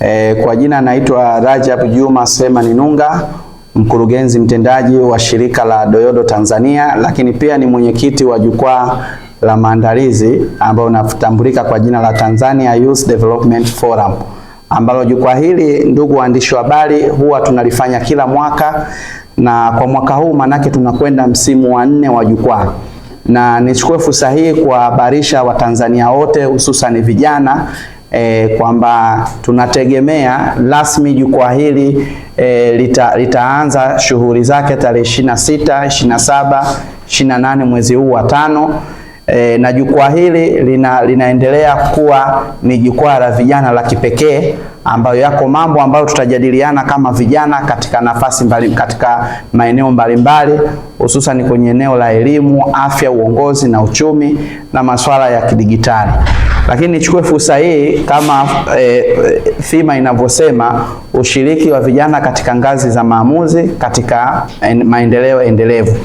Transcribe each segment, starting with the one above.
E, kwa jina naitwa Rajab Juma Selemani Nunga, mkurugenzi mtendaji wa shirika la Doyodo Tanzania, lakini pia ni mwenyekiti wa jukwaa la maandalizi ambao unatambulika kwa jina la Tanzania Youth Development Forum, ambalo jukwaa hili, ndugu waandishi wa habari, huwa tunalifanya kila mwaka, na kwa mwaka huu manake tunakwenda msimu wa nne wa jukwaa na nichukue fursa hii kuwahabarisha Watanzania wote hususan vijana e, kwamba tunategemea rasmi jukwaa hili e, lita, litaanza shughuli zake tarehe 26, 27, 28 mwezi huu wa tano. E, na jukwaa hili lina, linaendelea kuwa ni jukwaa la vijana la kipekee ambayo yako mambo ambayo tutajadiliana kama vijana katika nafasi mbali, katika maeneo mbalimbali hususan kwenye eneo la elimu, afya, uongozi na uchumi na masuala ya kidigitali. Lakini nichukue fursa hii kama e, eh, fima inavyosema ushiriki wa vijana katika ngazi za maamuzi katika en, eh, maendeleo endelevu.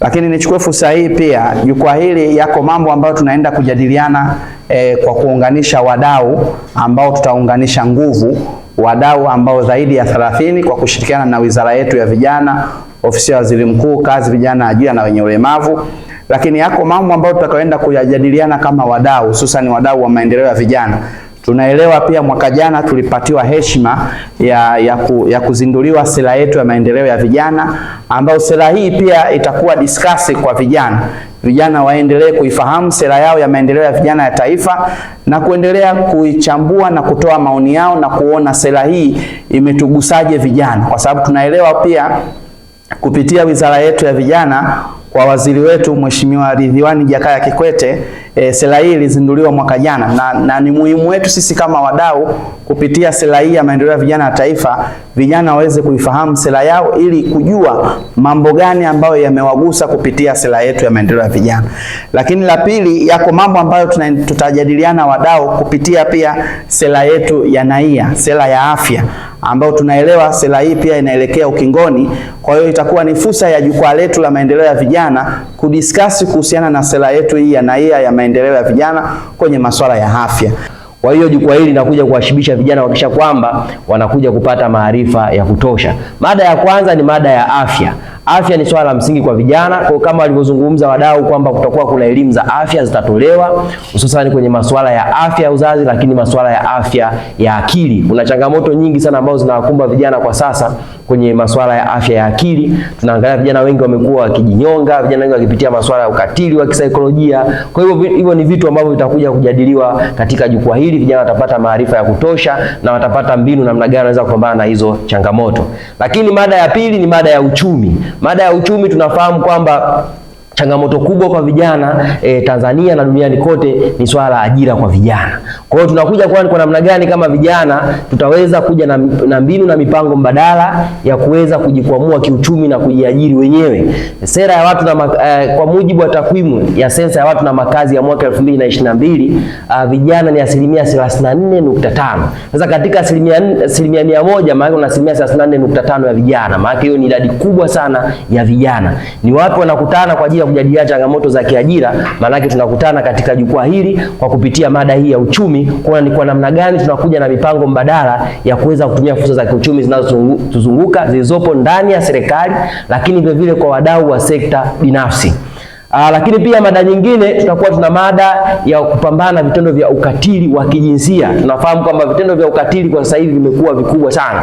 Lakini nichukue fursa hii pia, jukwaa hili yako mambo ambayo tunaenda kujadiliana e, kwa kuunganisha wadau ambao tutaunganisha nguvu wadau ambao zaidi ya 30 kwa kushirikiana na wizara yetu ya vijana, ofisi ya waziri mkuu, kazi, vijana, ajira na wenye ulemavu lakini yako mambo ambayo tutakaoenda kuyajadiliana kama wadau, hususan wadau wa maendeleo ya vijana. Tunaelewa pia mwaka jana tulipatiwa heshima ya, ya, ku, ya kuzinduliwa sera yetu ya maendeleo ya vijana ambayo sera hii pia itakuwa diskasi kwa vijana. Vijana waendelee kuifahamu sera yao ya maendeleo ya vijana ya taifa na kuendelea kuichambua na kutoa maoni yao na kuona sera hii imetugusaje vijana, kwa sababu tunaelewa pia kupitia wizara yetu ya vijana kwa waziri wetu Mheshimiwa Ridhiwani Jakaya Kikwete e, eh, sera hii ilizinduliwa mwaka jana na, na ni muhimu wetu sisi kama wadau kupitia sera hii ya maendeleo ya vijana ya taifa, vijana waweze kuifahamu sera yao ili kujua mambo gani ambayo yamewagusa kupitia sera yetu ya maendeleo ya vijana. Lakini la pili, yako mambo ambayo tutajadiliana wadau kupitia pia sera yetu ya NAIA, sera ya afya ambao tunaelewa sera hii pia inaelekea ukingoni. Kwa hiyo itakuwa ni fursa ya jukwaa letu la maendeleo ya vijana kudiskasi kuhusiana na sera yetu hii ya NAIA ya maendeleo ya vijana kwenye masuala ya afya. Kwa hiyo jukwaa hili linakuja kuwashibisha vijana kuhakikisha kwamba wanakuja kupata maarifa ya kutosha. Mada ya kwanza ni mada ya afya Afya ni swala la msingi kwa vijana, kwa kama walivyozungumza wadau kwamba kutakuwa kuna elimu za afya zitatolewa, hususan kwenye masuala ya afya ya uzazi, lakini masuala ya afya ya akili. Kuna changamoto nyingi sana ambazo zinawakumba vijana kwa sasa kwenye masuala ya afya ya akili. Tunaangalia vijana wengi wamekuwa wakijinyonga, vijana wengi wakipitia masuala ya ukatili wa kisaikolojia. Kwa hivyo, hivyo ni vitu ambavyo vitakuja kujadiliwa katika jukwaa hili. Vijana watapata maarifa ya kutosha na watapata mbinu namna gani wanaweza kupambana na hizo changamoto. Lakini mada ya pili ni mada ya uchumi. Mada ya uchumi tunafahamu kwamba Changamoto kubwa kwa vijana e, Tanzania na duniani kote ni swala la ajira kwa vijana. Kwa hiyo tunakuja kwa, kwa namna gani kama vijana tutaweza kuja na, na mbinu na mipango mbadala ya kuweza kujikwamua kiuchumi na kujiajiri wenyewe. Sera ya watu na ma, e, kwa mujibu wa takwimu ya sensa ya watu na makazi ya mwaka 2022 uh, vijana ni asilimia 34.5. Sasa katika asilimia mia moja maana kuna asilimia 34.5 ya vijana. Maana hiyo ni idadi kubwa sana ya vijana. Ni wapi wanakutana kwa ajili katika kujadiliana changamoto za kiajira, maanake tunakutana katika jukwaa hili kwa kupitia mada hii ya uchumi, kuona ni kwa namna gani tunakuja na mipango mbadala ya kuweza kutumia fursa za kiuchumi zinazotuzunguka zilizopo ndani ya serikali, lakini vilevile kwa wadau wa sekta binafsi. Aa, ah, lakini pia mada nyingine tutakuwa tuna mada ya kupambana vitendo vya ukatili wa kijinsia. Tunafahamu kwamba vitendo vya ukatili kwa sasa hivi vimekuwa vikubwa sana.